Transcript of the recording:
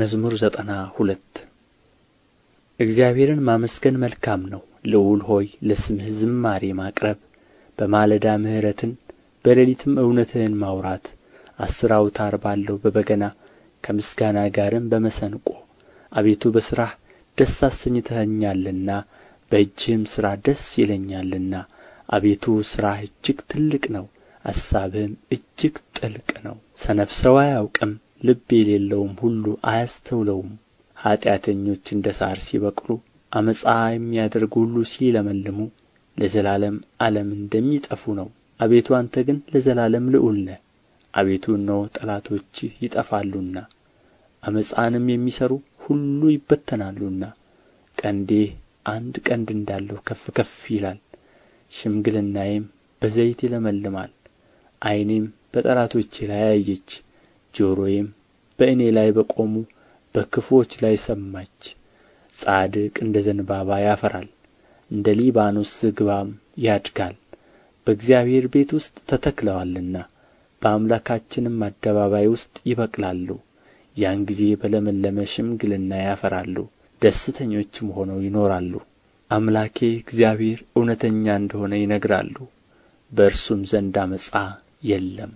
መዝሙር ዘጠና ሁለት እግዚአብሔርን ማመስገን መልካም ነው ልዑል ሆይ ለስምህ ዝማሬ ማቅረብ በማለዳ ምሕረትን በሌሊትም እውነትህን ማውራት አሥር አውታር ባለው በበገና ከምስጋና ጋርም በመሰንቆ አቤቱ በሥራህ ደስ አሰኝተኸኛልና በእጅህም ሥራ ደስ ይለኛልና አቤቱ ሥራህ እጅግ ትልቅ ነው አሳብህም እጅግ ጥልቅ ነው ሰነፍ ሰው አያውቅም ልብ የሌለውም ሁሉ አያስተውለውም ኃጢአተኞች እንደ ሣር ሲበቅሉ ዓመፃ የሚያደርጉ ሁሉ ሲለመልሙ ለዘላለም ዓለም እንደሚጠፉ ነው አቤቱ አንተ ግን ለዘላለም ልዑል ነህ አቤቱ እነሆ ጠላቶችህ ይጠፋሉና ዓመፃንም የሚሠሩ ሁሉ ይበተናሉና ቀንዴ አንድ ቀንድ እንዳለው ከፍ ከፍ ይላል ሽምግልናዬም በዘይት ይለመልማል ዓይኔም በጠላቶቼ ላይ አየች ጆሮዬም በእኔ ላይ በቆሙ በክፉዎች ላይ ሰማች ጻድቅ እንደ ዘንባባ ያፈራል እንደ ሊባኖስ ዝግባም ያድጋል በእግዚአብሔር ቤት ውስጥ ተተክለዋልና በአምላካችንም አደባባይ ውስጥ ይበቅላሉ ያን ጊዜ በለመለመ ሽምግልና ያፈራሉ ደስተኞችም ሆነው ይኖራሉ አምላኬ እግዚአብሔር እውነተኛ እንደሆነ ይነግራሉ በእርሱም ዘንድ ዓመፃ የለም